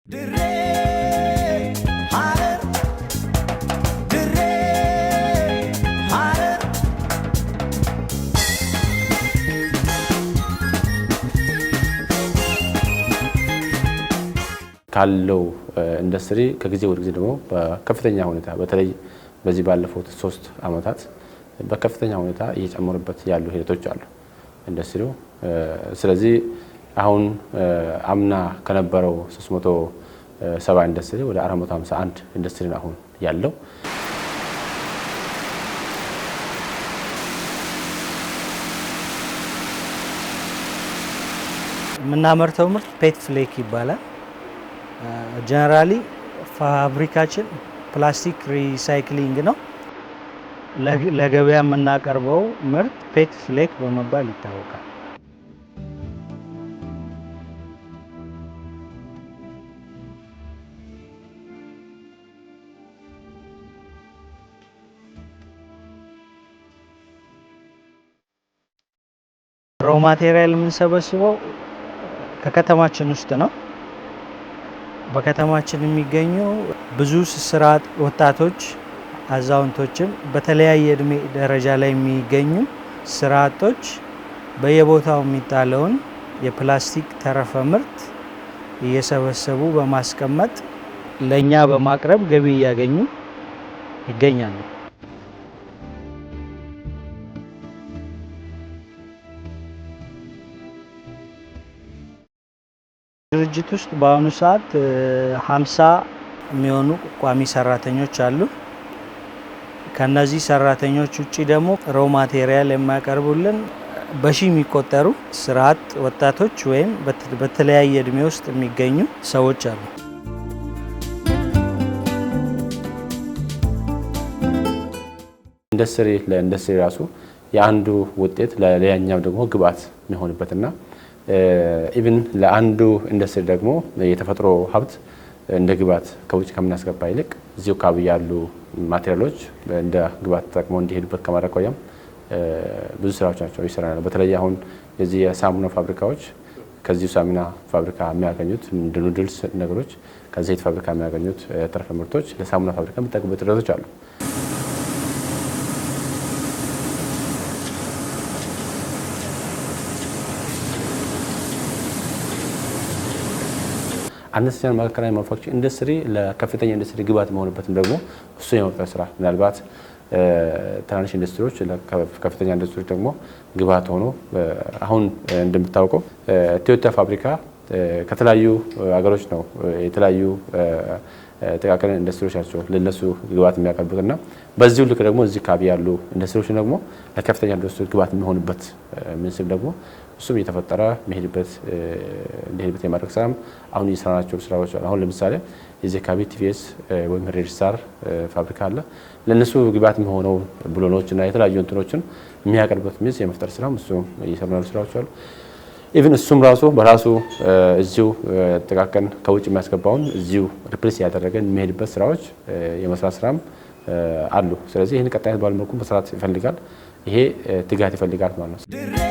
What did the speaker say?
ካለው ኢንዱስትሪ ከጊዜ ወደ ጊዜ ደግሞ በከፍተኛ ሁኔታ በተለይ በዚህ ባለፉት ሶስት ዓመታት በከፍተኛ ሁኔታ እየጨመሩበት ያሉ ሂደቶች አሉ ኢንዱስትሪው ስለዚህ አሁን አምና ከነበረው 370 ኢንዱስትሪ ወደ 451 ኢንዱስትሪ አሁን ያለው የምናመርተው ምርት ፔት ፍሌክ ይባላል። ጀነራሊ ፋብሪካችን ፕላስቲክ ሪሳይክሊንግ ነው። ለገበያ የምናቀርበው ምርት ፔት ፍሌክ በመባል ይታወቃል። ሮ ማቴሪያል የምንሰበስበው ከከተማችን ውስጥ ነው። በከተማችን የሚገኙ ብዙ ስራ ወጣቶች አዛውንቶችም በተለያየ እድሜ ደረጃ ላይ የሚገኙ ስራ አጦች በየቦታው የሚጣለውን የፕላስቲክ ተረፈ ምርት እየሰበሰቡ በማስቀመጥ ለእኛ በማቅረብ ገቢ እያገኙ ይገኛሉ። ድርጅት ውስጥ በአሁኑ ሰዓት ሀምሳ የሚሆኑ ቋሚ ሰራተኞች አሉ። ከነዚህ ሰራተኞች ውጭ ደግሞ ሮ ማቴሪያል የማያቀርቡልን በሺ የሚቆጠሩ ስራ ወጣቶች ወይም በተለያየ እድሜ ውስጥ የሚገኙ ሰዎች አሉ። ኢንዱስትሪ ለኢንዱስትሪ ራሱ የአንዱ ውጤት ለሌላኛው ደግሞ ግብአት የሚሆንበትና ኢቭን ለአንዱ ኢንዱስትሪ ደግሞ የተፈጥሮ ሀብት እንደ ግባት ከውጭ ከምናስገባ ይልቅ እዚሁ አካባቢ ያሉ ማቴሪያሎች እንደ ግባት ተጠቅሞ እንዲሄዱበት ከማድረግ አኳያም ብዙ ስራዎች ናቸው ይሰራሉ። በተለይ አሁን የዚህ የሳሙና ፋብሪካዎች ከዚሁ ሳሙና ፋብሪካ የሚያገኙት እንደ ኑድልስ ነገሮች ከዘይት ፋብሪካ የሚያገኙት ተረፈ ምርቶች ለሳሙና ፋብሪካ የሚጠቅሙበት ድረቶች አሉ። አነስተኛ መካከለኛ ማኑፋክቸሪንግ ኢንዱስትሪ ለከፍተኛ ኢንዱስትሪ ግብዓት መሆንበትም ደግሞ እሱ የመፍጠር ስራ ምናልባት ትናንሽ ኢንዱስትሪዎች ለከፍተኛ ኢንዱስትሪዎች ደግሞ ግብዓት ሆኖ አሁን እንደምታውቀው ቶዮታ ፋብሪካ ከተለያዩ ሀገሮች ነው የተለያዩ ጥቃቅን ኢንዱስትሪዎች ናቸው ለነሱ ግብዓት የሚያቀርቡት እና በዚሁ ልክ ደግሞ እዚህ አካባቢ ያሉ ኢንዱስትሪዎች ደግሞ ለከፍተኛ ኢንዱስትሪ ግብዓት የሚሆንበት ምንስል ደግሞ እሱም እየተፈጠረ መሄድበት እንደሄድበት የማድረግ ስራም አሁን እየሰራናቸው ስራዎች አሉ። አሁን ለምሳሌ የዚህ አካባቢ ቲቪኤስ ወይም ሬጅስታር ፋብሪካ አለ። ለእነሱ ግብዓት የሚሆነው ብሎኖች እና የተለያዩ እንትኖችን የሚያቀርበት ሚዝ የመፍጠር ስራም እሱ እየሰራናሉ ስራዎች አሉ። ኢቭን እሱም ራሱ በራሱ እዚሁ ያጠቃቀን ከውጭ የሚያስገባውን እዚሁ ሪፕሬስ ያደረገን የሚሄድበት ስራዎች የመስራት ስራም አሉ። ስለዚህ ይህን ቀጣይነት ባለመልኩ መስራት ይፈልጋል። ይሄ ትጋት ይፈልጋል ማለት ነው።